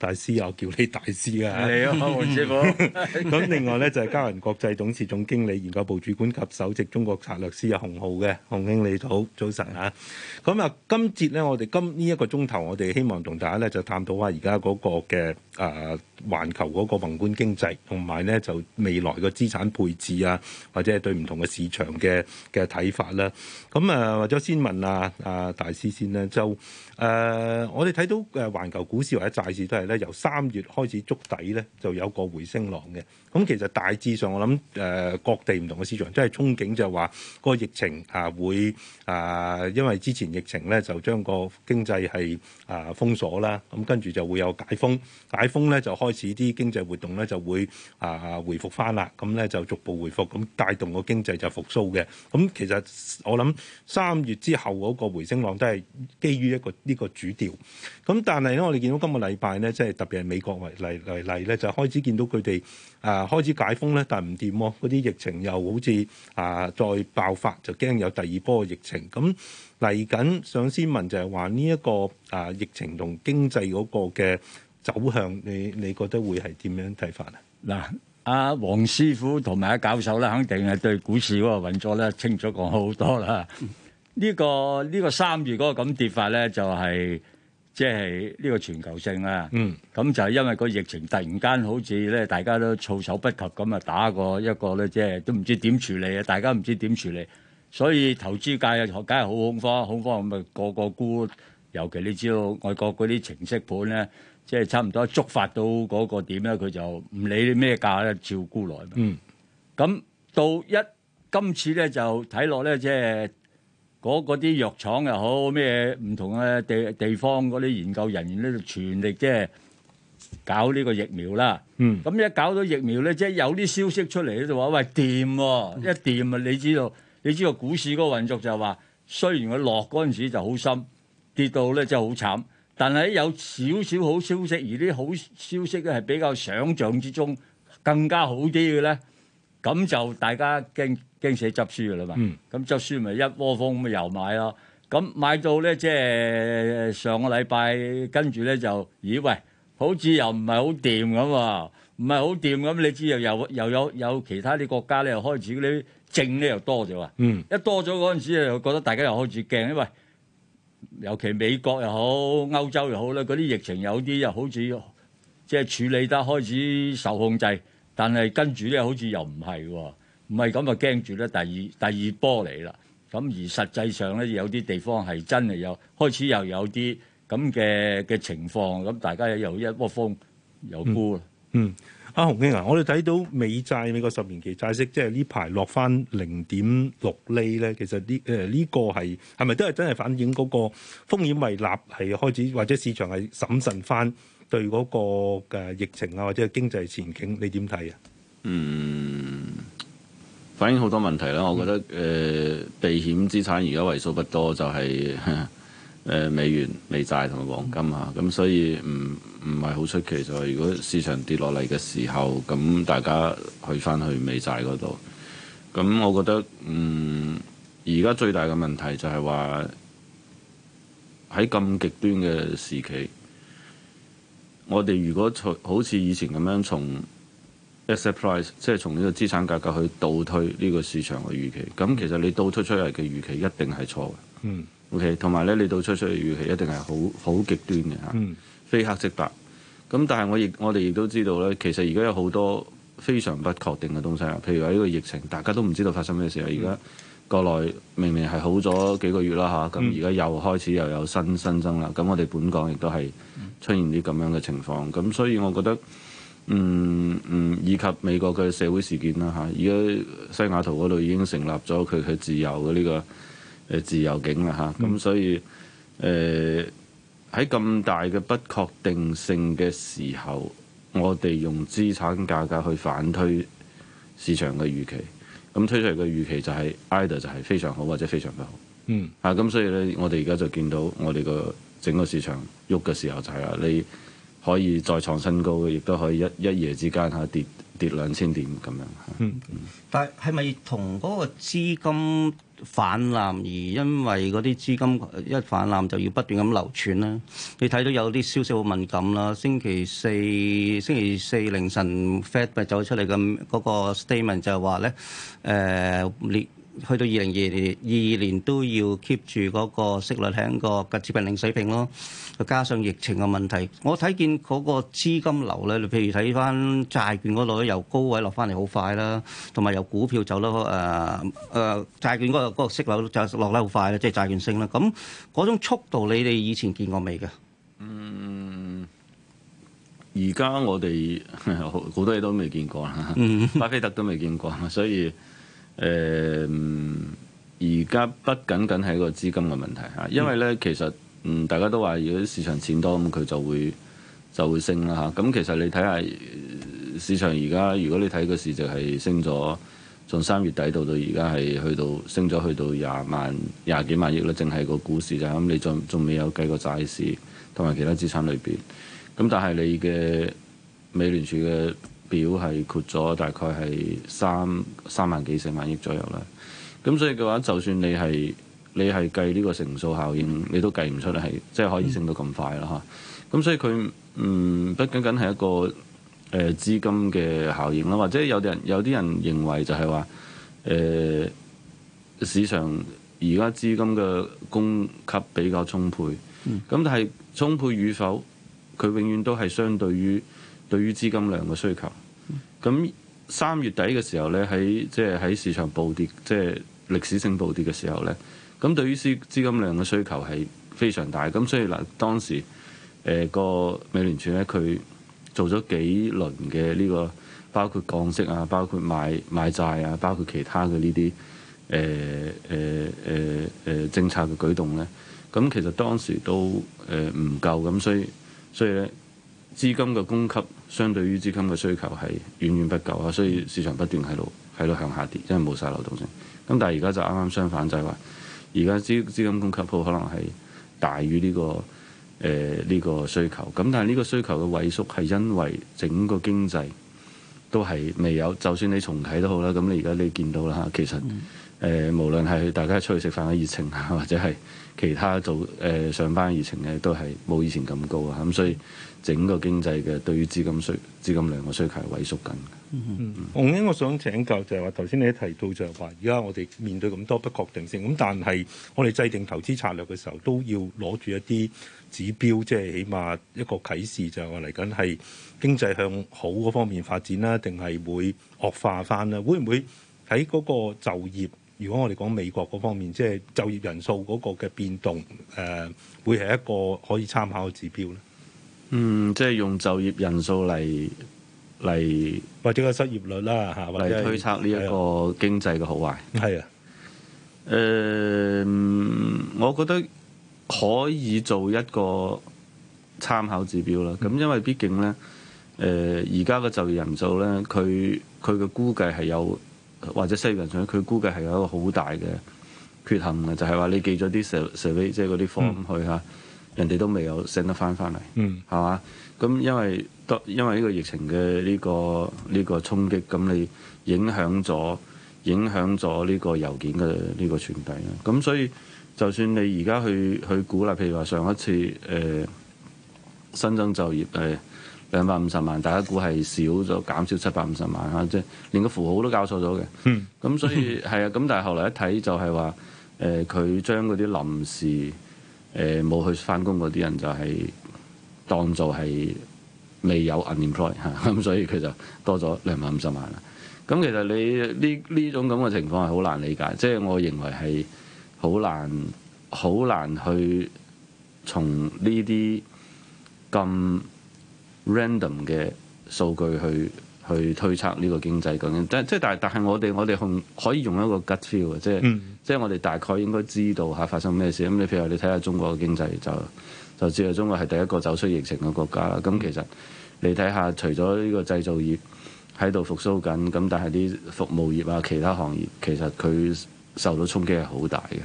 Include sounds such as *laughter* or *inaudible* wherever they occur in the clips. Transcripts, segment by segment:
大師又叫你大師啊！嚟啊，黃師傅。咁 *noise* 另外咧就係交銀國際董事總經理、 *laughs* 研究部主管及首席中國策略師啊，洪浩嘅洪兄你好，早晨嚇。咁 *noise* 啊，今節咧我哋今呢一個鐘頭，我哋希望同大家咧就探討下而家嗰個嘅啊。呃環球嗰個宏觀經濟，同埋咧就未來個資產配置啊，或者係對唔同嘅市場嘅嘅睇法啦。咁啊、呃，或者先問啊啊，大師先啦。就誒、呃、我哋睇到誒環、啊、球股市或者債市都係咧由三月開始築底咧，就有個回升浪嘅。咁其實大致上我諗誒、呃、各地唔同嘅市場，即係憧憬就係話、嗰個疫情啊會啊，因為之前疫情咧就將個經濟係，啊，封鎖啦，咁跟住就會有解封，解封咧就開始啲經濟活動咧就會啊回復翻啦，咁咧就逐步回復，咁帶動個經濟就復甦嘅。咁其實我諗三月之後嗰個回升浪都係基於一個呢個主調。咁但係咧，我哋見到今個禮拜咧，即係特別係美國嚟嚟嚟咧，就開始見到佢哋啊開始解封咧，但係唔掂喎，嗰啲疫情又好似啊再爆發，就驚有第二波疫情咁。嚟緊想先問就係話呢一個啊疫情同經濟嗰個嘅走向，你你覺得會係點樣睇法啊？嗱，阿黃師傅同埋阿教授咧，肯定係對股市嗰個運作咧清楚講好多啦。呢個，嗯，呢個三月嗰個咁跌法咧，就係，就係即係呢個全球性啊。咁就係因為個疫情突然間好似咧，大家都措手不及咁啊，打過一個咧，即係都唔知點處理啊，大家唔知點處理。所以投資界啊，梗係好恐慌，恐慌咁咪個個沽。尤其你知道外國嗰啲程式盤咧，即係差唔多觸發到嗰個點咧，佢就唔理咩價咧，照沽來。嗯。咁到一今次咧就睇落咧，即係嗰嗰啲藥廠又好，咩唔同嘅地地方嗰啲研究人員咧，就全力即係搞呢個疫苗啦。嗯。咁一搞到疫苗咧，即係有啲消息出嚟咧，就話喂掂喎，一掂啊，你知道。你知道股市嗰個運作就係話，雖然佢落嗰陣時就好深，跌到咧真係好慘。但係有少少好消息，而啲好消息咧係比較想像之中更加好啲嘅咧，咁就大家驚驚死執輸嘅啦嘛。咁、嗯、執輸咪一窩蜂咁咪又買咯。咁買到咧即係上個禮拜，跟住咧就，咦喂，好似又唔係好掂咁啊，唔係好掂咁。你知又又又有有，有，有其他啲國家咧又開始啲。正咧又多咗啊！嗯、一多咗嗰陣時又覺得大家又開始驚，因為尤其美國又好、歐洲又好啦，嗰啲疫情有啲又好似即係處理得開始受控制，但係跟住咧好似又唔係喎，唔係咁就驚住咧第二第二波嚟啦。咁而實際上咧有啲地方係真係又開始又有啲咁嘅嘅情況，咁大家又一窩蜂又沽啦。嗯嗯。阿洪兄啊，兄我哋睇到美債美國十年期債息即係呢排落翻零點六厘咧，其實呢誒呢個係係咪都係真係反映嗰個風險胃納係開始或者市場係審慎翻對嗰個嘅疫情啊或者係經濟前景，你點睇啊？嗯，反映好多問題啦，我覺得誒、呃、避險資產而家為數不多就係、係。 *laughs* 誒美元、美債同埋黃金啊，咁所以唔唔係好出奇就係，如果市場跌落嚟嘅時候，咁大家去翻去美債嗰度。咁我覺得，嗯，而家最大嘅問題就係話喺咁極端嘅時期，我哋如果好似以前咁樣從 asset price，即係從呢個資產價格去倒推呢個市場嘅預期，咁其實你倒推出嚟嘅預期一定係錯嘅。嗯。OK，同埋咧，你到出出嘅預期一定係好好極端嘅嚇，非黑即白。咁但係我亦我哋亦都知道咧，其實而家有好多非常不確定嘅東西啊。譬如喺呢個疫情，大家都唔知道發生咩事啊。而家國內明明係好咗幾個月啦嚇，咁而家又開始又有新新增啦。咁我哋本港亦都係出現啲咁樣嘅情況。咁所以我覺得，嗯嗯，以及美國嘅社會事件啦嚇，而家西雅圖嗰度已經成立咗佢嘅自由嘅呢個。自由境啦嚇，咁、嗯、所以誒喺咁大嘅不確定性嘅時候，我哋用資產價格去反推市場嘅預期，咁推出嚟嘅預期就係 either 就係非常好或者非常不好，嗯嚇，咁、啊、所以呢，我哋而家就見到我哋個整個市場喐嘅時候就係、是、啦，你可以再創新高嘅，亦都可以一一夜之間下跌。跌兩千點咁樣嚇，嗯嗯、但係咪同嗰個資金泛濫而因為嗰啲資金一泛濫就要不斷咁流傳咧？你睇到有啲消息好敏感啦，星期四星期四凌晨 Fed 咪走出嚟嘅嗰個 statement 就係話咧，誒、呃、列。去到二零二二二年都要 keep 住嗰個息率喺個接近零水平咯，加上疫情嘅問題。我睇見嗰個資金流咧，你譬如睇翻債券嗰度咧，由高位落翻嚟好快啦，同埋由股票走得誒誒債券嗰個嗰個息率就落得好快啦，即係債券升啦。咁嗰種速度，你哋以前見過未嘅？嗯，而家我哋好多嘢都未見過啦， *laughs* 巴菲特都未見過，所以。誒，而家、嗯、不僅僅係個資金嘅問題嚇，因為咧其實，嗯，大家都話如果市場錢多咁，佢就會就會升啦嚇。咁、啊嗯、其實你睇下市場而家，如果你睇個市值係升咗，從三月底到到而家係去到升咗去到廿萬廿幾萬億啦，淨係個股市就咁，你仲仲未有計個債市同埋其他資產裏邊。咁、嗯、但係你嘅美聯儲嘅。表係括咗大概係三三萬幾四萬億左右啦，咁所以嘅話，就算你係你係計呢個乘數效應，你都計唔出嚟係即係可以升到咁快啦嚇。咁所以佢嗯，不僅僅係一個誒資、呃、金嘅效應啦，或者有啲人有啲人認為就係話誒市場而家資金嘅供給比較充沛，咁、嗯、但係充沛與否，佢永遠都係相對於對於資金量嘅需求。咁三月底嘅時候呢，喺即係喺市場暴跌，即係歷史性暴跌嘅時候呢，咁對於資金量嘅需求係非常大，咁所以嗱當時誒個美聯儲呢，佢做咗幾輪嘅呢個包括降息啊，包括買買債啊，包括其他嘅呢啲誒誒誒誒政策嘅舉動呢。咁其實當時都誒唔夠咁，所以所以咧。資金嘅供給相對於資金嘅需求係遠遠不夠啊，所以市場不斷喺度喺度向下跌，因為冇晒流動性。咁但係而家就啱啱相反，就係話而家資資金供給可能係大於呢個誒呢個需求。咁但係呢個需求嘅萎縮係因為整個經濟都係未有，就算你重啟都好啦。咁你而家你見到啦，其實。誒，無論係大家出去食飯嘅熱情啊，或者係其他做誒上班嘅熱情咧，都係冇以前咁高啊。咁所以整個經濟嘅對於資金需資金量嘅需求係萎縮緊，嗯。嗯嗯嗯。洪兄，我想請教就係話，頭先你提到就係話，而家我哋面對咁多不確定性，咁但係我哋制定投資策略嘅時候，都要攞住一啲指標，即、就、係、是、起碼一個啟示就，就係話嚟緊係經濟向好嗰方面發展啦，定係會惡化翻啦？會唔會喺嗰個就業？如果我哋講美國嗰方面，即係就業人數嗰個嘅變動，誒會係一個可以參考嘅指標咧。嗯，即係用就業人數嚟嚟或者個失業率啦嚇，嚟推測呢一個經濟嘅好壞。係啊，誒，我覺得可以做一個參考指標啦。咁因為畢竟咧，誒而家嘅就業人數咧，佢佢嘅估計係有。或者西人上，佢估計係有一個好大嘅缺陷嘅，就係、是、話你寄咗啲社社即係嗰啲方咁去嚇，嗯、人哋都未有 send 得返返嚟，係嘛、嗯？咁因為得因為呢個疫情嘅呢、這個呢、這個衝擊，咁你影響咗影響咗呢個郵件嘅呢個傳遞啦。咁所以就算你而家去去鼓勵，譬如話上一次誒、呃、新增就業誒。呃兩百五十萬，大家估係少咗減少七百五十萬啊！即係連個符號都搞錯咗嘅。咁 *laughs* 所以係啊，咁但係後嚟一睇就係話，誒佢將嗰啲臨時誒冇、呃、去翻工嗰啲人就係當做係未有 unemployed 咁、啊、所以佢就多咗兩百五十萬啦。咁其實你呢呢種咁嘅情況係好難理解，即、就、係、是、我認為係好難好難去從呢啲咁。random 嘅數據去去推測呢個經濟究竟，即即但係但係我哋我哋可可以用一個 gut feel 啊，即、mm. 即我哋大概應該知道吓發生咩事咁。你譬如話你睇下中國嘅經濟就就知道中國係第一個走出疫情嘅國家啦。咁其實你睇下，除咗呢個製造業喺度復甦緊，咁但係啲服務業啊，其他行業其實佢受到衝擊係好大嘅。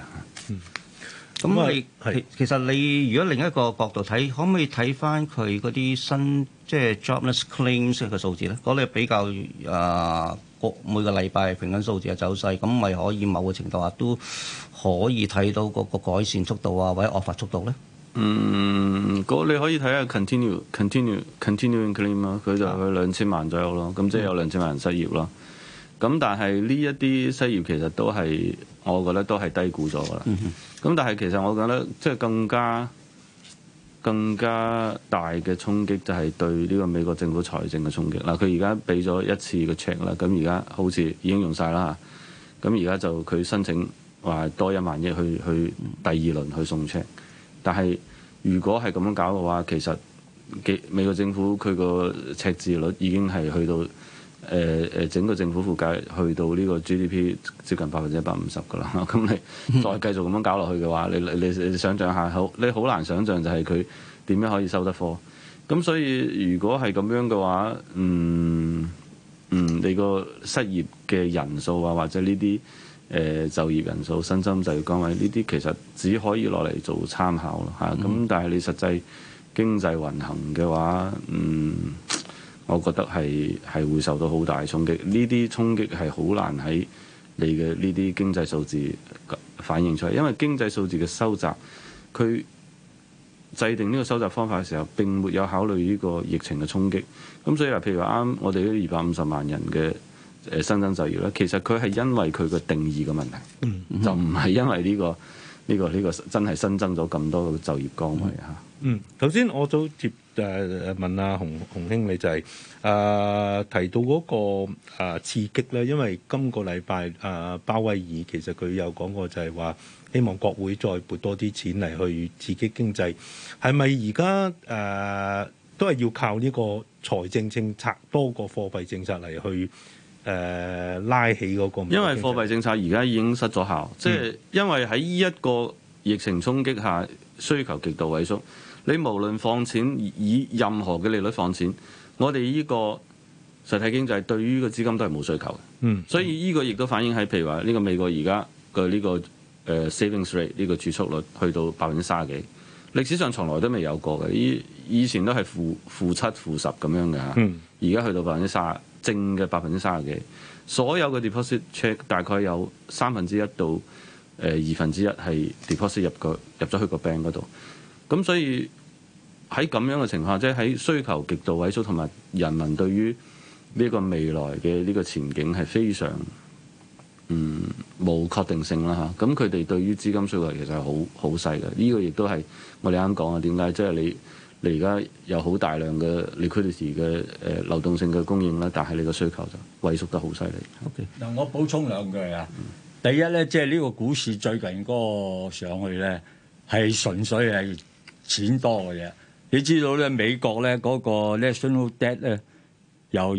咁你是其實你如果另一個角度睇，可唔可以睇翻佢嗰啲新即係、就是、jobless claims 嘅數字咧？嗰、那、你、個、比較啊個每個禮拜平均數字嘅走勢，咁咪可以某個程度啊都可以睇到嗰個改善速度啊，或者惡化速度咧？嗯，那個、你可以睇下 continue，continue，continuing claim 啊，佢就去兩千萬左右咯，咁即係有兩千萬人失業啦。咁但係呢一啲失業其實都係我覺得都係低估咗噶啦。咁、嗯、哼但係其實我覺得即係更加更加大嘅衝擊就係對呢個美國政府財政嘅衝擊嗱。佢而家俾咗一次嘅 check 啦，咁而家好似已經用晒啦嚇。咁而家就佢申請話多一萬億去去第二輪去送 check，但係如果係咁樣搞嘅話，其實美國政府佢個赤字率已經係去到。誒誒，整個政府負債去到呢個 GDP 接近百分之一百五十㗎喇，咁你 *laughs* 再繼續咁樣搞落去嘅話，你你你想象下好，你好難想象就係佢點樣可以收得貨。咁所以如果係咁樣嘅話，嗯嗯，你個失業嘅人數啊，或者呢啲誒就業人數、新增就業崗位呢啲，其實只可以攞嚟做參考咯嚇。咁、嗯、但係你實際經濟運行嘅話，嗯。我覺得係係會受到好大衝擊，呢啲衝擊係好難喺你嘅呢啲經濟數字反映出嚟，因為經濟數字嘅收集，佢制定呢個收集方法嘅時候並沒有考慮呢個疫情嘅衝擊，咁所以嗱，譬如話啱我哋呢二百五十萬人嘅新增就業咧，其實佢係因為佢嘅定義嘅問題，就唔係因為呢個。呢、這個呢、這個真係新增咗咁多個就業崗位嚇、啊嗯。嗯，頭先我早接誒、呃、問阿、啊、洪洪興你就係、是、誒、呃、提到嗰、那個、呃、刺激咧，因為今個禮拜阿鮑威爾其實佢有講過就係話希望國會再撥多啲錢嚟去刺激經濟，係咪而家誒都係要靠呢個財政政策多過貨幣政策嚟去？誒拉起嗰個，因為貨幣政策而家已經失咗效，即係因為喺呢一個疫情衝擊下，需求極度萎縮。你無論放錢以任何嘅利率放錢，我哋呢個實體經濟對於個資金都係冇需求嘅。嗯，所以呢個亦都反映喺譬如話呢個美國而家嘅呢個誒 savings rate 呢個儲蓄率去到百分之三十幾，歷史上從來都未有過嘅。依以前都係負負七、負十咁樣嘅嚇，而家去到百分之三十。正嘅百分之三十幾，所有嘅 deposit check 大概有三分之一到誒二分之一係 deposit 入，入個入咗去個 bank 嗰度，咁所以喺咁樣嘅情況，即係喺需求極度萎縮，同埋人民對於呢個未來嘅呢個前景係非常嗯冇確定性啦嚇，咁佢哋對於資金需求其實係好好細嘅，呢個亦都係我哋啱講啊，點解即係你？而家有好大量嘅你 leverage 嘅誒流動性嘅供應啦，但係你個需求就萎縮得好犀利。嗱，Okay. 我補充兩句啊。第一咧，即係呢個股市最近嗰個上去咧，係純粹係錢多嘅啫。你知道咧，美國咧嗰個 national debt 咧，由二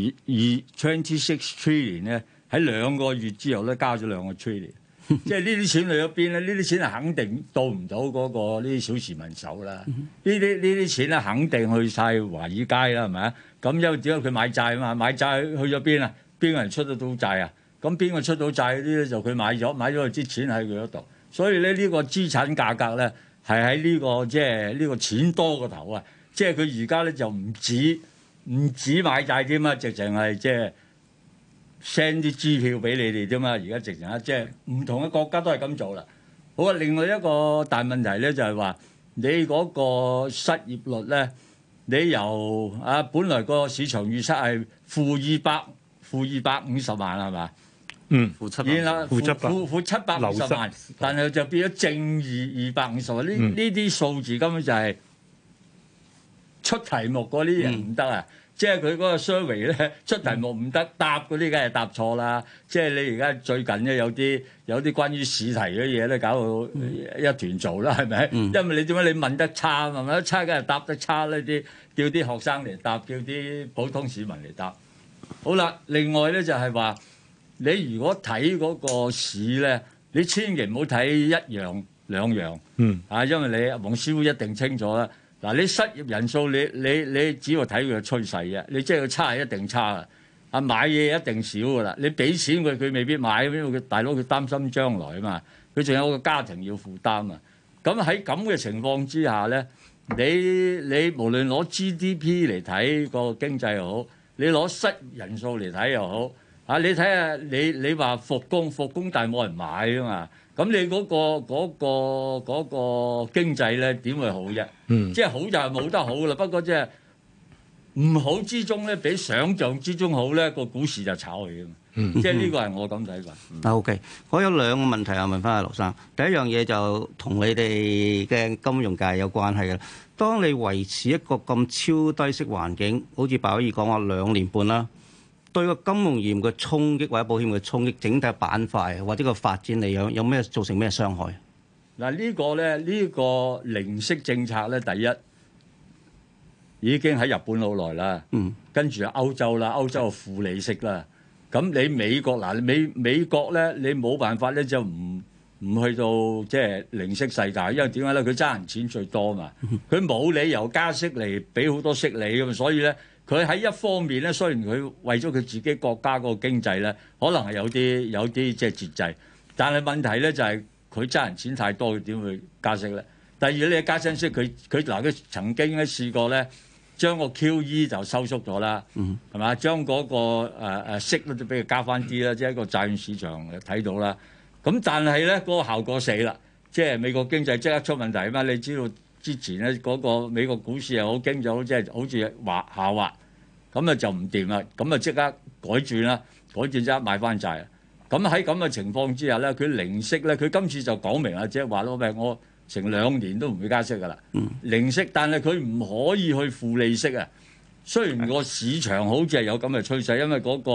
twenty six trillion 咧喺兩個月之後咧加咗兩個 trillion。 *laughs* 即係呢啲錢去咗邊咧？呢啲錢， *laughs* 錢肯定到唔到嗰個呢啲小市民手啦。呢啲呢啲錢咧，肯定去晒華爾街啦，係咪啊？咁因為點解佢買債啊嘛？買債去咗邊啊？邊個人出得到債啊？咁邊個出到債嗰啲咧？就佢買咗，買咗佢啲錢喺佢嗰度。所以咧，呢個資產價格咧，呢個，係喺呢個即係呢、呢個錢多過頭啊！即係佢而家咧就唔止唔止買債添啊，直情係即係。send 啲支票俾你哋啫嘛，而家直情啊，即係唔同嘅國家都係咁做啦。好啊，另外一個大問題咧就係話你嗰個失業率咧，你由啊本來個市場預測係負二百、負二百五十萬係嘛？嗯，負七百，負七百，負七百五十萬，但係就變咗正二二百五十萬。呢呢啲數字根本就係出題目嗰啲人唔得啊！嗯即係佢嗰個 survey 咧出題目唔得、嗯、答嗰啲梗係答錯啦！即係你而家最近咧有啲有啲關於試題嘅嘢咧搞到一團糟啦，係咪？嗯、因為你點解你問得差啊嘛？差梗係答得差，呢啲叫啲學生嚟答，叫啲普通市民嚟答。好啦，另外咧就係話你如果睇嗰個市咧，你千祈唔好睇一樣兩樣，嗯、啊，因為你黃師傅一定清楚啦。嗱，你失業人數，你你你只要睇佢嘅趨勢啫。你即係差係一定差啊！啊，買嘢一定少噶啦。你俾錢佢，佢未必買，因為佢大佬佢擔心將來啊嘛。佢仲有個家庭要負擔啊。咁喺咁嘅情況之下咧，你你無論攞 GDP 嚟睇個經濟又好，你攞失業人數嚟睇又好，啊，你睇下你你話復工復工，復工但係冇人買啊嘛。咁你嗰，那個嗰，那個嗰，那個經濟咧點會好啫？嗯，即係好就係冇得好啦。不過即係唔好之中咧，比想象之中好咧，個股市就炒起啊嘛。嗯即，即係呢個係我咁睇嘅。o k 我有兩個問題啊，問翻阿劉生。第一樣嘢就同你哋嘅金融界有關係嘅。當你維持一個咁超低息環境，好似白可以講話兩年半啦。對個金融業嘅衝擊或者保險嘅衝擊，整體板塊或者個發展嚟有有咩造成咩傷害？嗱，呢個咧，呢個零息政策咧，第一已經喺日本好耐啦，跟住歐洲啦，歐洲負利息啦，咁你美國，嗱，美美國咧，你冇辦法咧，就唔唔去到即係零息世界，因為點解咧？佢爭人錢最多嘛，佢冇理由加息嚟俾好多息你嘅嘛，所以咧。佢喺一方面咧，雖然佢為咗佢自己國家嗰個經濟咧，可能係有啲有啲即係節制，但係問題咧就係佢揸人錢太多，佢點會加息咧？第二你咧，加息息佢佢嗱佢曾經咧試過咧，將個 QE 就收縮咗啦，係嘛、嗯？將嗰個誒、呃、息咧都俾佢加翻啲啦，即係個債券市場睇到啦。咁但係咧，嗰個效果死啦，即係美國經濟即刻出問題啊嘛？你知道？之前咧嗰個美國股市又驚、即係、好驚咗，即係好似滑下滑，咁啊就唔掂啦，咁啊即刻改轉啦，改轉即刻買翻債。咁喺咁嘅情況之下咧，佢零息咧，佢今次就講明啦，即係話咯，唔係我成兩年都唔會加息噶啦，嗯、零息，但係佢唔可以去負利息啊。雖然個市場好似係有咁嘅趨勢，因為嗰個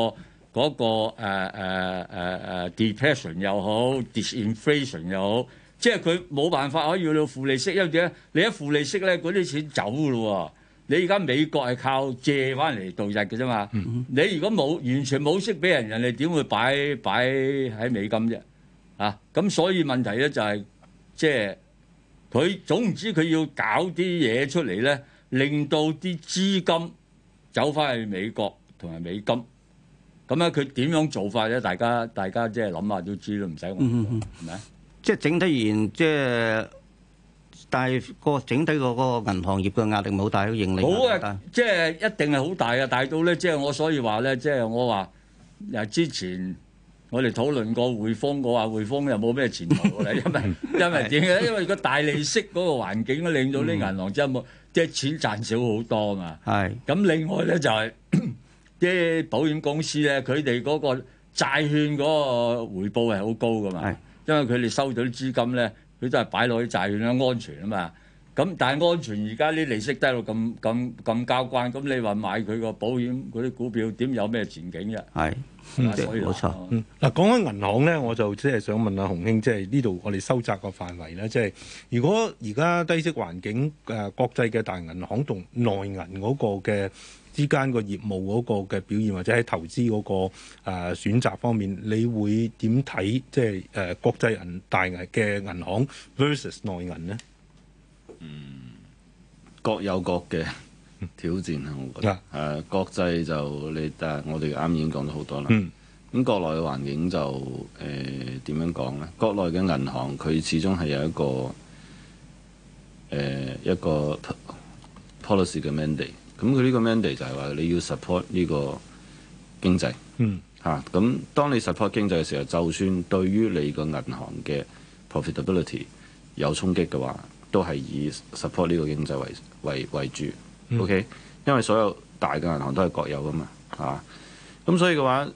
嗰個誒誒誒誒 depression 又好，disinflation 又好。即係佢冇辦法可以要到負利息，因為點咧？你一負利息咧，嗰啲錢走㗎咯喎！你而家美國係靠借翻嚟度日嘅啫嘛。你如果冇完全冇息俾人，人哋點會擺擺喺美金啫？啊！咁所以問題咧就係、是，即係佢總唔知佢要搞啲嘢出嚟咧，令到啲資金走翻去美國同埋美金。咁咧佢點樣做法咧？大家大家即係諗下都知都唔使我講，係咪啊？即係整體而言，即係大個整體個嗰個銀行業嘅壓力冇大，個盈利好啊！即係一定係好大啊！大到咧，即係我所以話咧，即係我話，嗱，之前我哋討論過匯豐，我話匯豐又冇咩前途啦，因為因為點樣咧？因為個大利息嗰個環境令到啲銀行真係冇即係錢賺少好多嘛。係咁，另外咧就係即係保險公司咧，佢哋嗰個債券嗰個回報係好高噶嘛。因為佢哋收咗啲資金咧，佢都係擺落去債券咧安全啊嘛。咁但係安全，而家啲利息低到咁咁咁交關，咁你話買佢個保險嗰啲股票點有咩前景嘅？係，所以冇錯。嗱，講緊銀行咧，我就即係想問下洪慶，即係呢度我哋收窄個範圍咧，即係如果而家低息環境誒，國際嘅大銀行同內銀嗰個嘅之間個業務嗰個嘅表現，或者喺投資嗰、那個誒、呃、選擇方面，你會點睇？即係誒、呃、國際銀大銀嘅銀行 versus 內銀呢？嗯，各有各嘅挑戰啊！嗯、我覺得誒、啊、國際就你但我哋啱已經講咗好多啦。咁、嗯、國內嘅環境就誒點、呃、樣講呢？國內嘅銀行佢始終係有一個誒、呃、一個 policy 嘅 mandate。咁佢呢個 mandate 就係話你要 support 呢個經濟，嗯嚇。咁當你 support 經濟嘅時候，就算對於你個銀行嘅 profitability 有衝擊嘅話，都係以 support 呢個經濟為為為主，OK？嗯、因為所有大嘅銀行都係國有噶嘛，嚇、啊。咁所以嘅話，呢、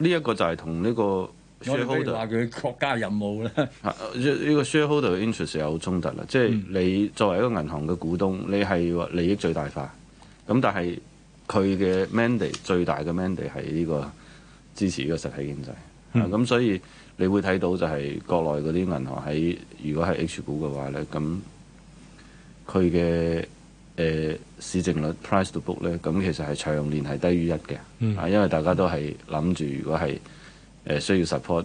這、一個就係同呢個 shareholder 話佢國家任務咧，呢個 shareholder interest 有衝突啦。即係你作為一個銀行嘅股東，你係話利益最大化。咁但係佢嘅 mandate 最大嘅 mandate 係呢個支持呢個實體經濟。咁、嗯啊、所以你會睇到就係國內嗰啲銀行喺如果係 H 股嘅話咧，咁佢嘅誒市淨率 price to book 咧，咁其實係長年係低於一嘅。嗯、啊，因為大家都係諗住如果係誒需要 support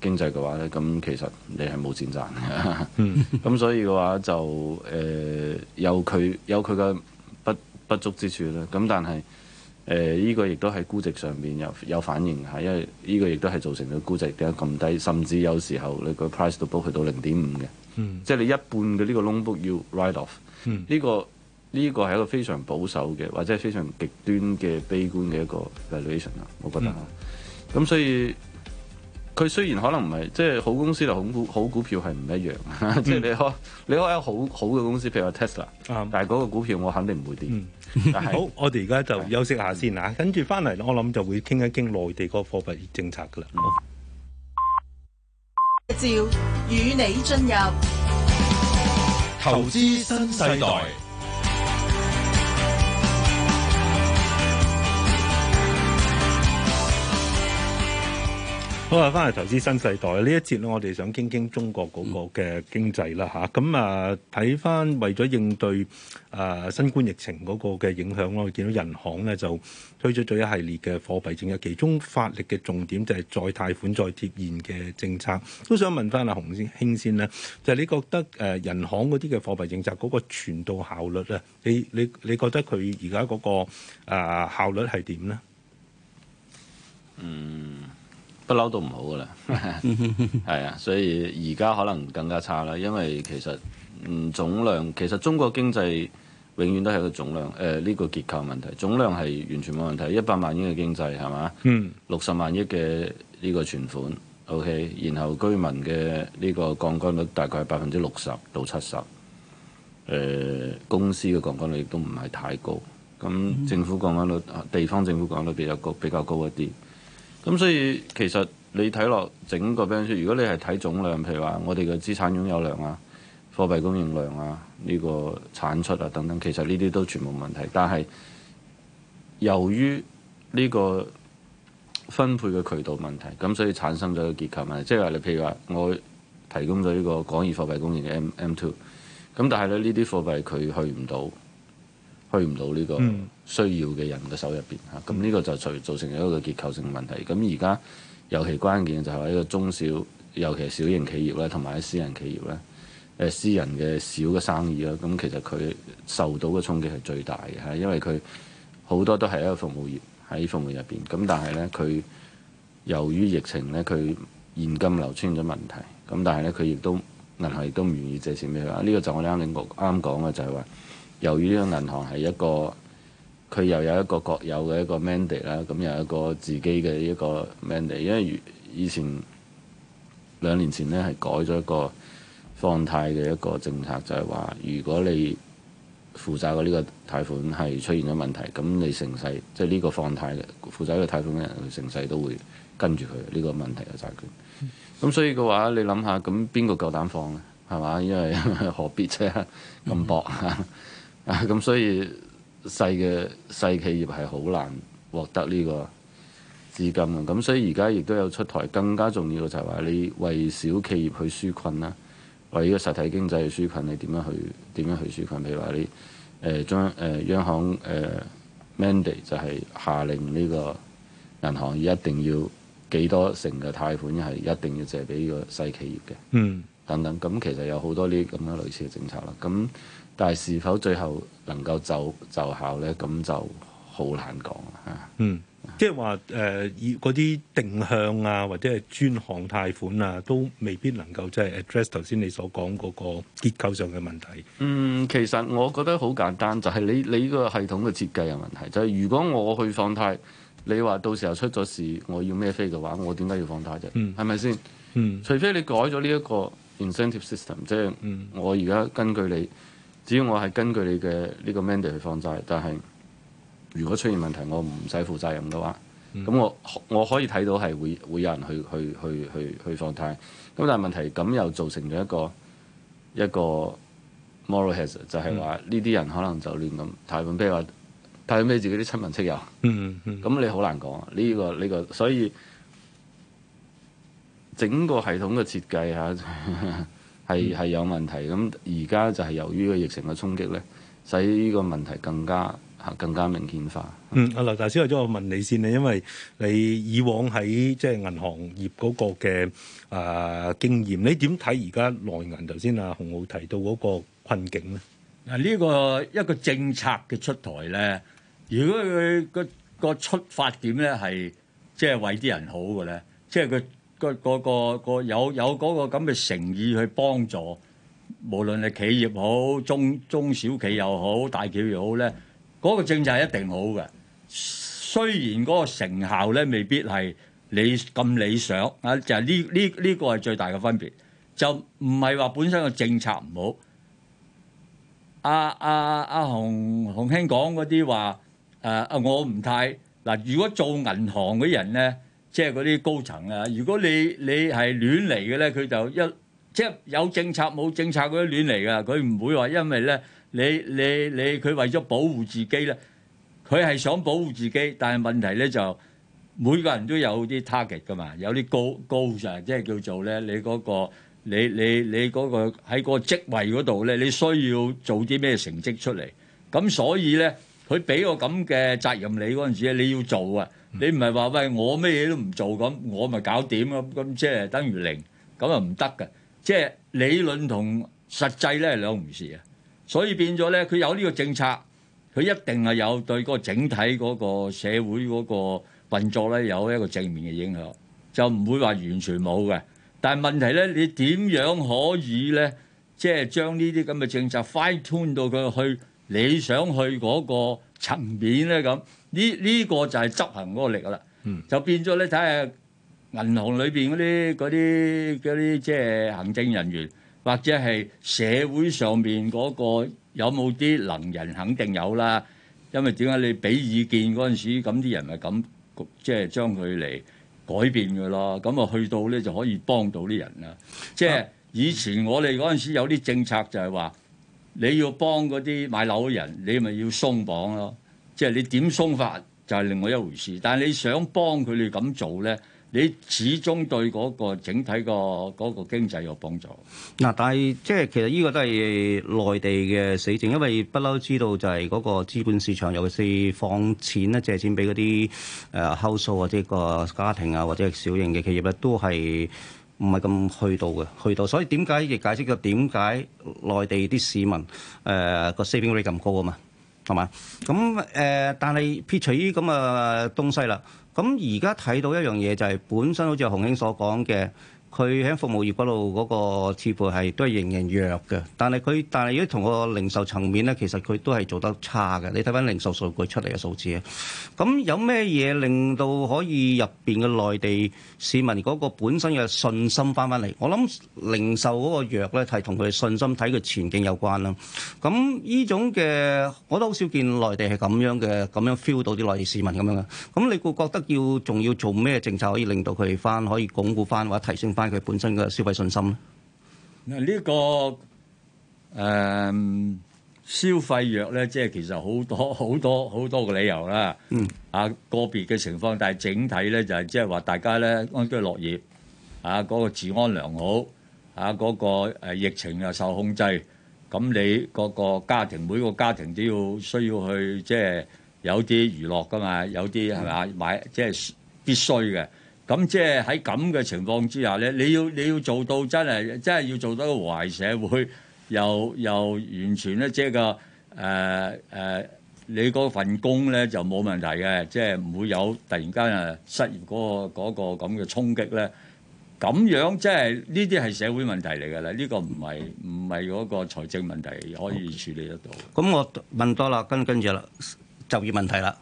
經濟嘅話咧，咁其實你係冇錢賺咁 *laughs* 所以嘅話就誒、呃、有佢有佢嘅不不足之處咧。咁但係誒呢個亦都喺估值上邊有有反應嚇，因為呢個亦都係造成咗估值點解咁低，甚至有時候你個 price to book 去到零點五嘅。嗯、即係你一半嘅呢個 loan book 要 write off、嗯。呢、這個呢、這個係一個非常保守嘅，或者係非常極端嘅悲觀嘅一個 valuation 啊、嗯，我覺得啊。嗯咁所以佢雖然可能唔係即係好公司同好股好股票係唔一樣。即係、嗯、你開你開一好好嘅公司，譬如話 Tesla、嗯、但係嗰個股票我肯定唔會跌。好，我哋而家就休息下先啊，跟住翻嚟我諗就會傾一傾內地嗰個貨幣政策噶啦。好照與你進入投資新世代。好啊，翻嚟投資新世代呢一節咧，我哋想傾傾中國嗰個嘅經濟啦吓。咁啊，睇翻為咗應對誒、呃、新冠疫情嗰個嘅影響咯，我見到人行咧就推出咗一系列嘅貨幣政策，其中發力嘅重點就係再貸款、再貼現嘅政策。都想問翻阿洪先興先啦，就係、你覺得誒、呃、人行嗰啲嘅貨幣政策嗰個傳導效率咧？你你你覺得佢而家嗰個誒、呃、效率係點呢？嗯。不嬲都唔好噶啦，係 *laughs* 啊，所以而家可能更加差啦，因為其實嗯總量其實中國經濟永遠都係一個總量誒呢、呃這個結構問題，總量係完全冇問題，一百萬億嘅經濟係嘛？嗯，六十萬億嘅呢個存款，OK，然後居民嘅呢個槓桿率大概係百分之六十到七十，誒、呃、公司嘅槓桿率亦都唔係太高，咁政府槓桿率，地方政府槓桿率比較高，比較高一啲。咁所以其實你睇落整個 balance，比如如果你係睇總量，譬如話我哋嘅資產擁有量啊、貨幣供應量啊、呢、呢個產出啊等等，其實呢啲都全部問題。但係由於呢個分配嘅渠道問題，咁所以產生咗個結構問題。即係話你譬如話我提供咗呢個廣義貨幣供應嘅 M M two，咁但係咧呢啲貨幣佢去唔到。去唔到呢個需要嘅人嘅手入邊嚇，咁呢、嗯、個就造成咗一個結構性問題。咁而家尤其關鍵就係話一個中小，尤其係小型企業咧，同埋啲私人企業咧，誒、呃、私人嘅小嘅生意啦。咁其實佢受到嘅衝擊係最大嘅嚇，因為佢好多都係一個服務業喺服務業入邊。咁但係咧，佢由於疫情咧，佢現金流出現咗問題。咁但係咧，佢亦都銀行亦都唔願意借錢俾佢啦。呢、這個就我哋啱啱講嘅就係話。由於呢個銀行係一個，佢又有一個國有嘅一個 mandate 啦，咁又有一個自己嘅一個 mandate，因為以前兩年前呢，係改咗一個放貸嘅一個政策，就係話如果你負責嘅呢個貸款係出現咗問題，咁你成世，即係呢個放貸嘅負責呢個貸款嘅人成世都會跟住佢呢個問題嘅債券。咁所以嘅話，你諗下，咁邊個夠膽放咧？係嘛？因為 *laughs* 何必啫咁薄、mm hmm. *laughs* 咁所以細嘅細企業係好難獲得呢個資金啊！咁所以而家亦都有出台更加重要嘅就係話你為小企業去紓困啦，為呢個實體經濟紓困，你點樣去點樣去紓困？譬如話你誒將誒央行誒、呃、mandate 就係下令呢個銀行一定要幾多成嘅貸款係一定要借俾呢個細企業嘅，嗯，等等。咁其實有好多呢啲咁樣類似嘅政策啦，咁。但係是，是否最後能夠就效呢就效咧？咁就好難講嚇。嗯，即係話誒，以嗰啲定向啊，或者係專項貸款啊，都未必能夠即係 address 頭先你所講嗰個結構上嘅問題。嗯，其實我覺得好簡單，就係、是、你你個系統嘅設計有問題。就係、是、如果我去放貸，你話到時候出咗事，我要孭飛嘅話，我點解要放貸啫？嗯，係咪先？嗯，除非你改咗呢一個 incentive system，即係我而家根據你。只要我係根據你嘅呢個 mandate 去放債，但係如果出現問題，我唔使負責任嘅話，咁我我可以睇到係會會有人去去去去去放貸。咁但係問題咁又造成咗一個一個 moral hazard，就係話呢啲人可能就亂咁貸款，譬如話貸俾自己啲親朋戚友。嗯咁、嗯、你好難講啊，呢個、呢個，所以整個系統嘅設計嚇。 *laughs* 係係有問題，咁而家就係由於個疫情嘅衝擊咧，使呢個問題更加嚇更加明顯化。嗯，阿劉大師有咗我問你先，你因為你以往喺即係銀行業嗰個嘅啊、呃、經驗，你點睇而家內銀頭先阿洪浩提到嗰個困境咧？嗱、這個，呢個一個政策嘅出台咧，如果佢個個出發點咧係即係為啲人好嘅咧，即係佢。個個個個有有嗰個咁嘅誠意去幫助，無論係企業好、中中小企又好、大企業又好咧，嗰個政策係一定好嘅。雖然嗰個成效咧未必係你咁理想啊，就係呢呢呢個係最大嘅分別。就唔係話本身個政策唔好。阿阿阿洪洪興講嗰啲話，誒啊我唔太嗱，如果做銀行嘅人咧。即係嗰啲高層啊！如果你你係亂嚟嘅咧，佢就一，即係有政策冇政策嗰啲亂嚟噶，佢唔會話因為咧你你你佢為咗保護自己咧，佢係想保護自己，但係問題咧就每個人都有啲 target 㗎嘛，有啲高 goals，即係叫做咧你嗰個你你你嗰個喺個職位嗰度咧，你需要做啲咩成績出嚟？咁所以咧，佢俾個咁嘅責任你嗰陣時咧，你要做啊！你唔係話喂我咩嘢都唔做咁，我咪搞掂咯？咁即係等於零，咁啊唔得嘅。即係理論同實際咧兩回事啊。所以變咗咧，佢有呢個政策，佢一定係有對嗰個整體嗰個社會嗰個運作咧有一個正面嘅影響，就唔會話完全冇嘅。但係問題咧，你點樣可以咧，即係將呢啲咁嘅政策 fine tune 到佢去你想去嗰個層面咧咁？呢呢、這個就係執行嗰個力啦，嗯、就變咗咧睇下銀行裏邊嗰啲啲啲即係行政人員，或者係社會上面嗰、那個有冇啲能人，肯定有啦。因為點解你俾意見嗰陣時，咁啲人咪咁即係將佢嚟改變噶咯。咁啊去到咧就可以幫到啲人啦。即、就、係、是、以前我哋嗰陣時有啲政策就係話，你要幫嗰啲買樓嘅人，你咪要鬆綁咯。即係你點鬆法，就係另外一回事，但係你想幫佢哋咁做咧，你始終對嗰個整體個嗰、嗰個經濟有幫助。嗱、啊，但係即係其實呢個都係內地嘅死症，因為不嬲知道就係嗰個資本市場尤其是放錢咧、借錢俾嗰啲誒後數啊、啲、呃、個家庭啊或者係小型嘅企業咧，都係唔係咁去到嘅，去到。所以點解亦解釋咗點解內地啲市民誒個 saving rate 咁高啊嘛？同埋咁誒，但係撇除於咁嘅東西啦，咁而家睇到一樣嘢就係、是、本身，好似洪興所講嘅。佢喺服務業嗰度嗰個似乎係都係仍然弱嘅，但係佢但係如果同個零售層面咧，其實佢都係做得差嘅。你睇翻零售數據出嚟嘅數字啊，咁有咩嘢令到可以入邊嘅內地市民嗰個本身嘅信心翻翻嚟？我諗零售嗰個弱咧係同佢嘅信心睇佢前景有關啦。咁呢種嘅我都好少見內地係咁樣嘅，咁樣 feel 到啲內地市民咁樣嘅。咁你會覺得要仲要做咩政策可以令到佢哋翻可以鞏固翻或者提升？翻佢本身嘅消費信心咧，嗱，呢個誒消費弱咧，即係其實好多好多好多嘅理由啦。嗯，啊個別嘅情況，但係整體咧就係即係話大家咧安居樂業，啊嗰個治安良好，啊嗰個誒疫情又受控制，咁你嗰個家庭每個家庭都要需要去即係有啲娛樂㗎嘛，有啲係咪買即係必須嘅。咁即係喺咁嘅情況之下咧，你要你要做到真係真係要做到一個壞社會，又又完全咧即係個誒誒，你嗰份工咧就冇問題嘅，即係唔會有突然間啊失業嗰個嗰個咁嘅衝擊咧。咁樣即係呢啲係社會問題嚟㗎啦，呢個唔係唔係嗰個財政問題可以處理得到。咁我問多啦，跟跟住啦，就業問題啦。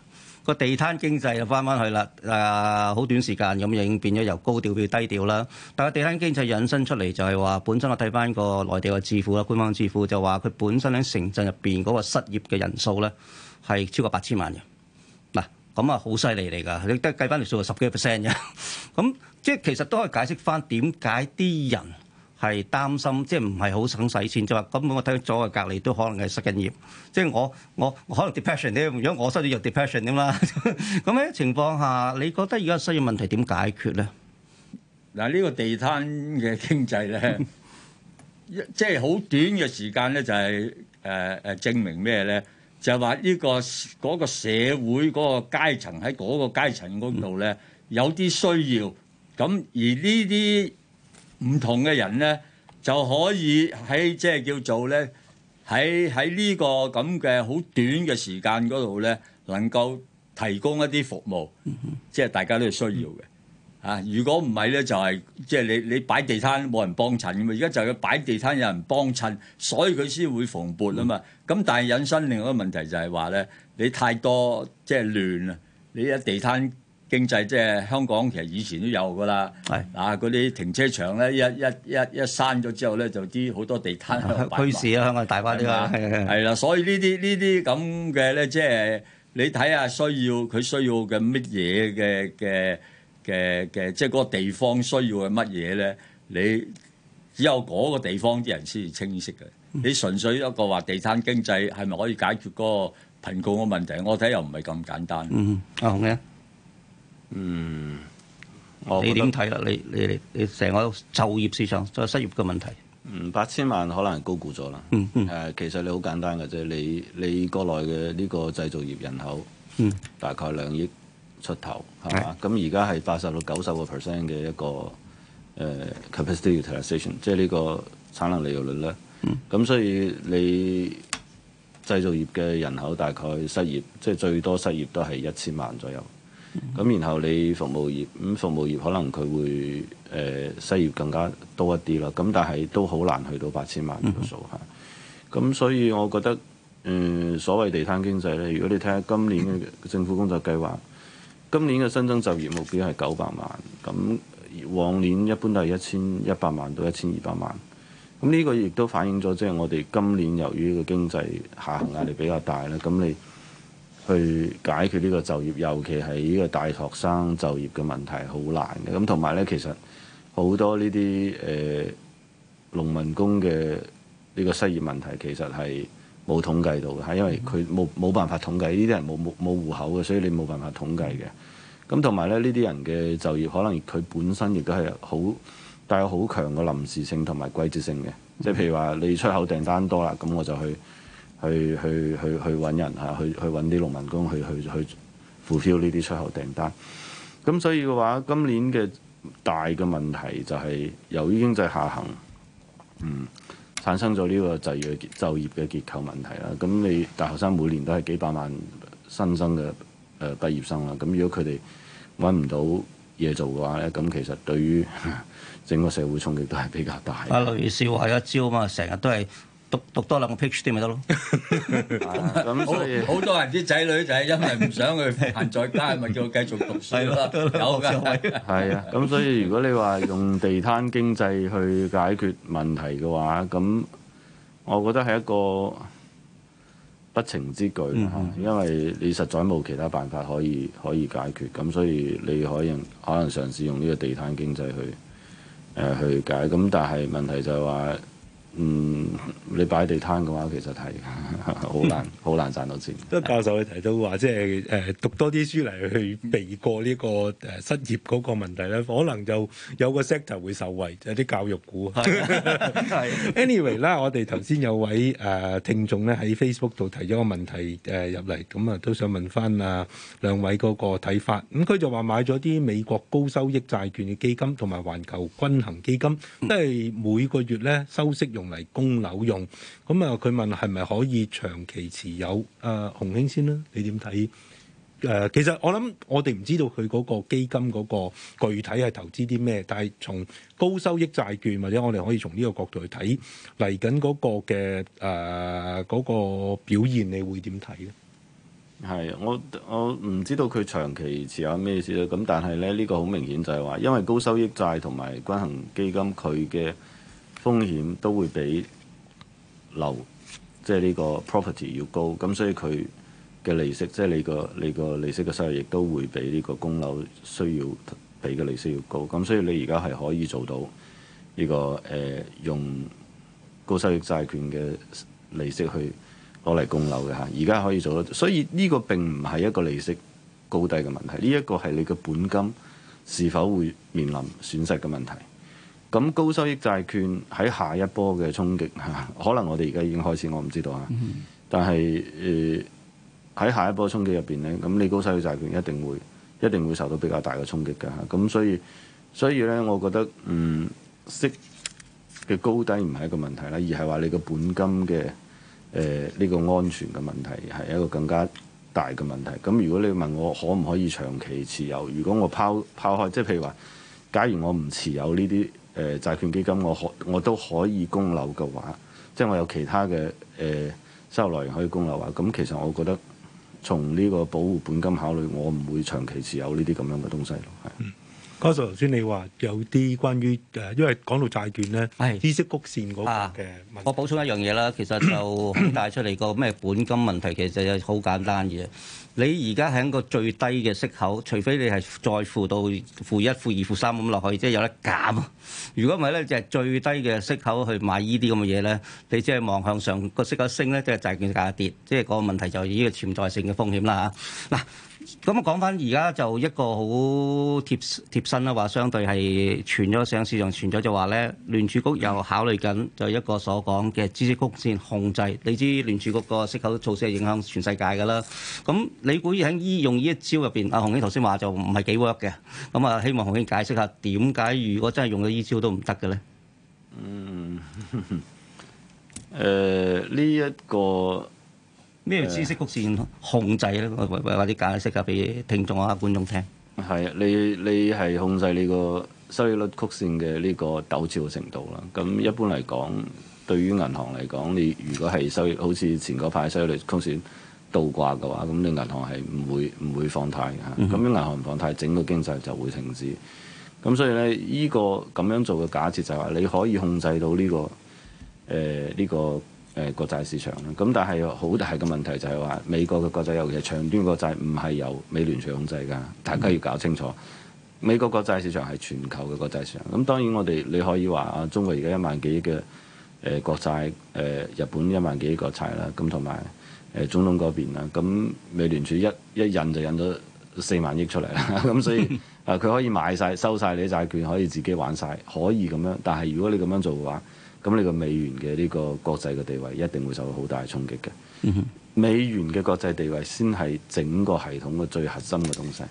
個地攤經濟就翻翻去啦，誒、呃、好短時間咁已經變咗由高調變低調啦。但係地攤經濟引申出嚟就係話，本身我睇翻個內地個智庫啦，官方智庫就話佢本身喺城鎮入邊嗰個失業嘅人數咧係超過八千萬嘅。嗱、啊，咁啊好犀利嚟㗎，你得計翻條數係十幾 percent 嘅，咁即係其實都可以解釋翻點解啲人。係擔心，即係唔係好想使錢，就話咁我睇咗左個隔離都可能係失緊業，即係我我，我可能 depression 咧。如果我失咗業，depression 點啦？咁喺 *laughs* 情況下，你覺得而家失業問題點解決咧？嗱，呢個地攤嘅經濟咧，即係好短嘅時間咧，就係誒誒證明咩咧？就係話呢個嗰個社會嗰個階層喺嗰個階層嗰度咧，有啲需要咁，而呢啲。唔同嘅人咧，就可以喺即係叫做咧，喺喺呢個咁嘅好短嘅時間嗰度咧，能夠提供一啲服務，嗯、哼即係大家都係需要嘅。啊，如果唔係咧，就係、是、即係你你擺地攤冇人幫襯嘅嘛，而家就係擺地攤有人幫襯，所以佢先會蓬勃啊嘛。咁、嗯、但係引申另外一個問題就係話咧，你太多即係亂啊，你一地攤。經濟即係香港，其實以前都有㗎喇。係啊，嗰啲停車場咧，一一一一閂咗之後咧，就啲好多地攤。區市啊，香港大翻啲啊。係啦，所以呢啲呢啲咁嘅咧，即係你睇下需要佢需要嘅乜嘢嘅嘅嘅嘅，即係嗰個地方需要係乜嘢咧？你只有嗰個地方啲人先至清晰嘅。你純粹一個話地攤經濟係咪可以解決嗰個貧窮嘅問題？我睇又唔係咁簡單。嗯，好嘅。嗯，我點睇啦？你你你成個就業市場再失業嘅問題？嗯，八千萬可能高估咗啦。嗯、啊、其實你好簡單嘅啫。你你國內嘅呢個製造業人口，嗯、大概兩億出頭，係嘛？咁而家係八十到九十個 percent 嘅一個誒、呃、capacity utilization，即係呢個產能利用率咧。咁、嗯、所以你製造業嘅人口大概失業，即係最多失業都係一千萬左右。咁然後你服務業，咁服務業可能佢會誒、呃、失業更加多一啲啦。咁但係都好難去到八千萬個數嚇。咁、啊、所以我覺得誒、嗯、所謂地攤經濟呢，如果你睇下今年嘅政府工作計劃，今年嘅新增就業目標係九百萬，咁往年一般都係一千一百萬到一千二百萬。咁呢個亦都反映咗，即、就、係、是、我哋今年由於個經濟下行壓力比較大咧，咁你。去解決呢個就業，尤其係呢個大學生就業嘅問題好難嘅。咁同埋咧，其實好多呢啲誒農民工嘅呢個失業問題，其實係冇統計到嘅嚇，因為佢冇冇辦法統計呢啲人冇冇戶口嘅，所以你冇辦法統計嘅。咁同埋咧，呢啲人嘅就業可能佢本身亦都係好帶有好強嘅臨時性同埋季節性嘅，即係譬如話你出口訂單多啦，咁我就去。去去去去揾人嚇，去去揾啲、啊、農民工去去去 fulfill 呢啲出口訂單。咁所以嘅話，今年嘅大嘅問題就係由於經濟下行，嗯，產生咗呢個制就業就業嘅結構問題啦。咁你大學生每年都係幾百萬新生嘅誒畢業生啦。咁如果佢哋揾唔到嘢做嘅話咧，咁其實對於整個社會衝擊都係比較大。阿雷少話一招嘛，成日都係。讀多兩個 pitch 啲、er、咪得咯。咁、 *laughs* 啊、所以 *laughs* 好多人啲仔女就係因為唔想佢閒 *laughs* 在家，咪、就是、叫繼續讀書咯。有嘅係啊。咁所以如果你話用地攤經濟去解決問題嘅話，咁我覺得係一個不情之舉， *laughs* 因為你實在冇其他辦法可以可以解決。咁所以你可以可能嘗試用呢個地攤經濟去、呃、去解。咁但係問題就係話。嗯，你擺地攤嘅話，其實係好難，好難賺到錢。咁啊，教授你提到話，即係誒讀多啲書嚟去避過呢個誒失業嗰個問題咧，可能就有個 sector 會受惠，就係、是、啲教育股。係，anyway 啦，我哋頭先有位誒聽眾咧喺 Facebook 度提咗個問題誒入嚟，咁啊都想問翻啊兩位嗰個睇法。咁佢就話買咗啲美國高收益債券嘅基金，同埋環球均衡基金，都係每個月咧收息用。嚟供樓用，咁啊佢問係咪可以長期持有？誒、呃，鴻興先啦，你點睇？誒、呃，其實我諗我哋唔知道佢嗰個基金嗰個具體係投資啲咩，但係從高收益債券或者我哋可以從呢個角度去睇嚟緊嗰個嘅誒嗰個表現，你會點睇咧？係我我唔知道佢長期持有咩事啦，咁但係咧呢、這個好明顯就係話，因為高收益債同埋均衡基金佢嘅。風險都會比樓即係呢個 property 要高，咁所以佢嘅利息即係、就是、你個你個利息嘅收入，亦都會比呢個供樓需要俾嘅利息要高。咁所以你而家係可以做到呢、這個誒、呃、用高收益債券嘅利息去攞嚟供樓嘅嚇。而家可以做到，所以呢個並唔係一個利息高低嘅問題，呢、這、一個係你嘅本金是否會面臨損失嘅問題。咁高收益債券喺下一波嘅衝擊吓，可能我哋而家已經開始，我唔知道啊。但係誒喺下一波嘅衝擊入邊咧，咁你高收益債券一定會一定會受到比較大嘅衝擊㗎吓。咁所以所以咧，我覺得嗯息嘅高低唔係一個問題啦，而係話你嘅本金嘅誒呢個安全嘅問題係一個更加大嘅問題。咁如果你問我可唔可以長期持有？如果我拋拋開，即係譬如話，假如我唔持有呢啲。誒、呃、債券基金我可我都可以供樓嘅話，即係我有其他嘅誒、呃、收入來源可以供樓話。咁其實我覺得從呢個保護本金考慮，我唔會長期持有呢啲咁樣嘅東西咯。係。嗯加上頭先你話有啲關於誒，因為講到債券咧，孳息是曲線嗰個問題，我補充一樣嘢啦，其實就帶出嚟個咩本金問題， *coughs* 其實就好簡單嘅。你而家喺個最低嘅息口，除非你係再負到負一、負二、負三咁落去，即、就、係、是、有得減。如果唔係咧，就係最低嘅息口去買依啲咁嘅嘢咧，你即係望向上個息口升咧，即、就、係、是、債券價跌，即、就、係、是、個問題就係呢個潛在性嘅風險啦嚇。嗱、啊。咁啊，講翻而家就一個好貼貼身啦，話相對係傳咗上市場傳咗就話咧，聯儲局又考慮緊就一個所講嘅孳息曲線控制。你知聯儲局個息口措施係影響全世界噶啦。咁你估喺依用依一招入邊，阿洪興頭先話就唔係幾 work 嘅。咁啊，希望洪興解釋下點解如果真係用咗依招都唔得嘅咧？嗯，誒呢一個。咩知識曲線控制咧？或者解釋下俾聽眾啊、觀眾聽。係啊，你你係控制你個收益率曲線嘅呢個陡峭程度啦。咁一般嚟講，對於銀行嚟講，你如果係收益好似前嗰排收益率曲線倒掛嘅話，咁你銀行係唔會唔會放貸嘅。咁、嗯、哼、咁樣銀行唔放貸，整個經濟就會停止。咁所以咧，呢個咁樣做嘅假設就係話你可以控制到呢個誒呢個。呃這個誒國債市場啦，咁但係好大嘅問題就係話美國嘅國債尤其係長端國債唔係由美聯儲控制㗎，大家要搞清楚。美國國債市場係全球嘅國債市場。咁當然我哋你可以話啊，中國而家一萬幾億嘅誒國債，誒日本一萬幾億國債啦，咁同埋誒中東嗰邊啦，咁美聯儲一一印就印咗四萬億出嚟啦，咁 *laughs* *laughs* 所以啊佢可以買晒、收晒你債券，可以自己玩晒，可以咁樣。但係如果你咁樣做嘅話，咁你個美元嘅呢個國際嘅地位一定會受到好大嘅衝擊嘅。美元嘅國際地位先係整個系統嘅最核心嘅東西。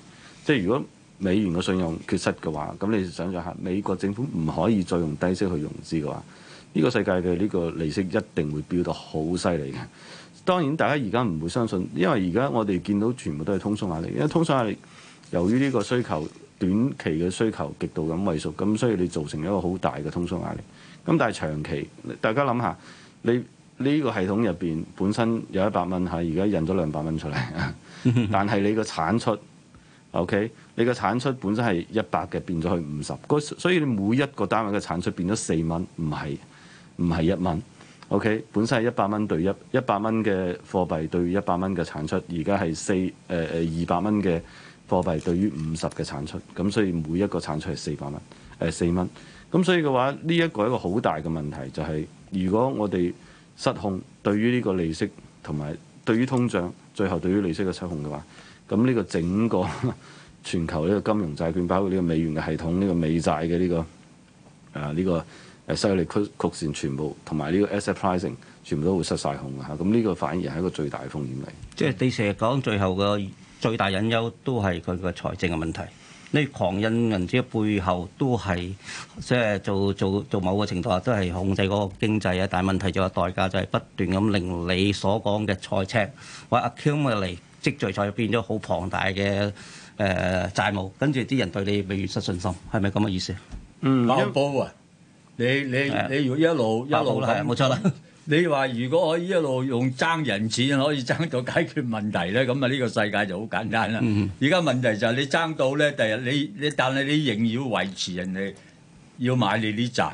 即係如果美元嘅信用缺失嘅話，咁你想象下，美國政府唔可以再用低息去融資嘅話，呢個世界嘅呢個利息一定會飆到好犀利嘅。當然，大家而家唔會相信，因為而家我哋見到全部都係通縮壓力，因為通縮壓力由於呢個需求短期嘅需求極度咁萎縮，咁所以你造成一個好大嘅通縮壓力。咁但係長期，大家諗下，你呢個系統入邊本身有一百蚊嚇，而家印咗兩百蚊出嚟，但係你個產出，OK，你個產出本身係一百嘅，變咗去五十個，所以你每一個單位嘅產出變咗四蚊，唔係唔係一蚊，OK，本身係一百蚊對一一百蚊嘅貨幣對一百蚊嘅產出，而家係四誒誒二百蚊嘅貨幣對於五十嘅產出，咁所以每一個產出係四百蚊，誒四蚊。咁所以嘅話，呢一個係一個好大嘅問題就係，如果我哋失控，對於呢個利息同埋對於通脹，最後對於利息嘅失控嘅話，咁呢個整個全球呢個金融債券，包括呢個美元嘅系統，呢個美債嘅呢個啊呢個收益率曲曲線，全部同埋呢個 asset pricing，全部都會失晒控㗎。咁呢個反而係一個最大風險嚟。即係你成日講最後個最大隱憂，都係佢個財政嘅問題。呢狂印銀紙嘅背後都係即係做做做某個程度啊，都係控制個經濟啊，但係問題就係代價就係不斷咁令你所講嘅賽車或者 accumulate 積聚財，變咗好龐大嘅誒債務，跟住啲人對你未完失信心，係咪咁嘅意思？嗯，保護啊，你你你如果一路一路啦，冇錯啦。你話如果可以一路用爭人錢可以爭到解決問題咧，咁啊呢個世界就好簡單啦。而家、mm hmm. 問題就係你爭到咧，第日你你但係你仍要維持人哋要買你啲債，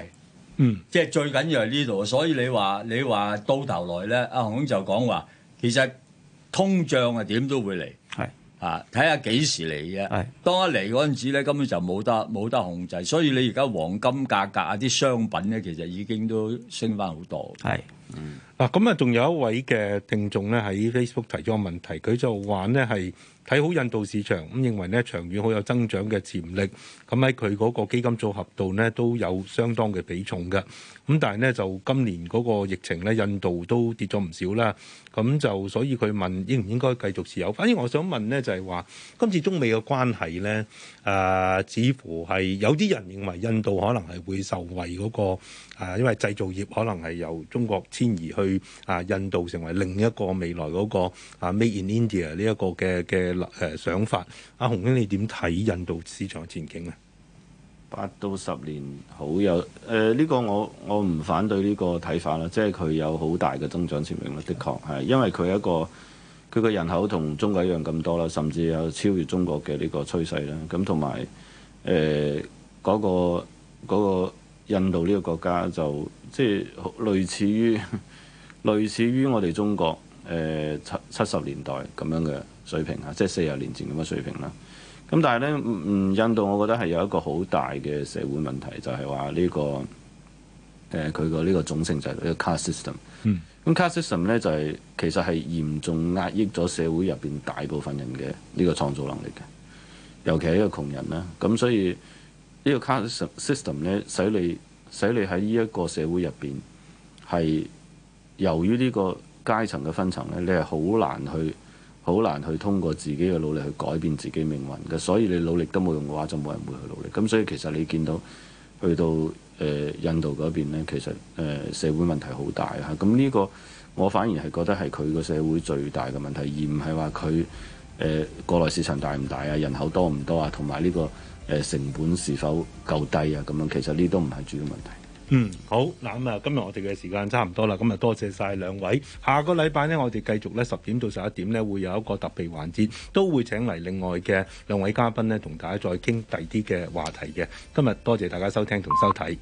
嗯、mm，即、hmm. 係最緊要係呢度。所以你話你話到頭來咧，阿熊就講話其實通脹啊點都會嚟，係、mm hmm. 啊睇下幾時嚟嘅。Mm hmm. 當一嚟嗰陣時咧，根本就冇得冇得控制。所以你而家黃金價格啊啲商品咧，其實已經都升翻好多。係、mm。Hmm. 嗱，咁啊、嗯，仲有一位嘅聽眾咧喺 Facebook 提咗個問題，佢就話呢係睇好印度市場，咁認為呢長遠好有增長嘅潛力，咁喺佢嗰個基金組合度呢，都有相當嘅比重嘅，咁但係呢，就今年嗰個疫情呢，印度都跌咗唔少啦，咁就所以佢問應唔應該繼續持有？反而我想問呢，就係話今次中美嘅關係呢，誒、呃，似乎係有啲人認為印度可能係會受惠嗰、嗰個、呃、因為製造業可能係由中國。遷移去啊！印度成為另一個未來嗰個啊，Make in India 呢一個嘅嘅誒想法。阿洪兄，你點睇印度市場前景啊？八到十年好有誒，呢、呃呢個我我唔反對呢個睇法啦，即係佢有好大嘅增長潛力啦。的確係，因為佢一個佢嘅人口同中國一樣咁多啦，甚至有超越中國嘅呢個趨勢啦。咁同埋誒嗰個嗰個。嗰個印度呢個國家就即係類似於類似於我哋中國誒七七十年代咁樣嘅水平啊，即係四十年前咁嘅水平啦。咁但係呢，嗯，印度我覺得係有一個好大嘅社會問題，就係話呢個誒佢個呢個種姓制度，呢個 caste system。嗯。咁 caste system 呢，就係、是、其實係嚴重壓抑咗社會入邊大部分人嘅呢個創造能力嘅，尤其係一個窮人啦。咁所以。呢個 caste system 咧，使你使你喺呢一個社會入邊係由於呢個階層嘅分層咧，你係好難去好難去通過自己嘅努力去改變自己命運嘅，所以你努力都冇用嘅話，就冇人會去努力。咁所以其實你見到去到誒印度嗰邊咧，其實誒社會問題好大嚇。咁呢個我反而係覺得係佢個社會最大嘅問題，而唔係話佢誒國內市場大唔大啊、人口多唔多啊，同埋呢個。誒、呃、成本是否夠低啊？咁樣其實呢都唔係主要問題。嗯，好，嗱咁啊，今日我哋嘅時間差唔多啦，咁啊，多謝晒兩位。下個禮拜呢，我哋繼續呢，十點到十一點呢，會有一個特別環節，都會請嚟另外嘅兩位嘉賓呢，同大家再傾第啲嘅話題嘅。今日多謝大家收聽同收睇。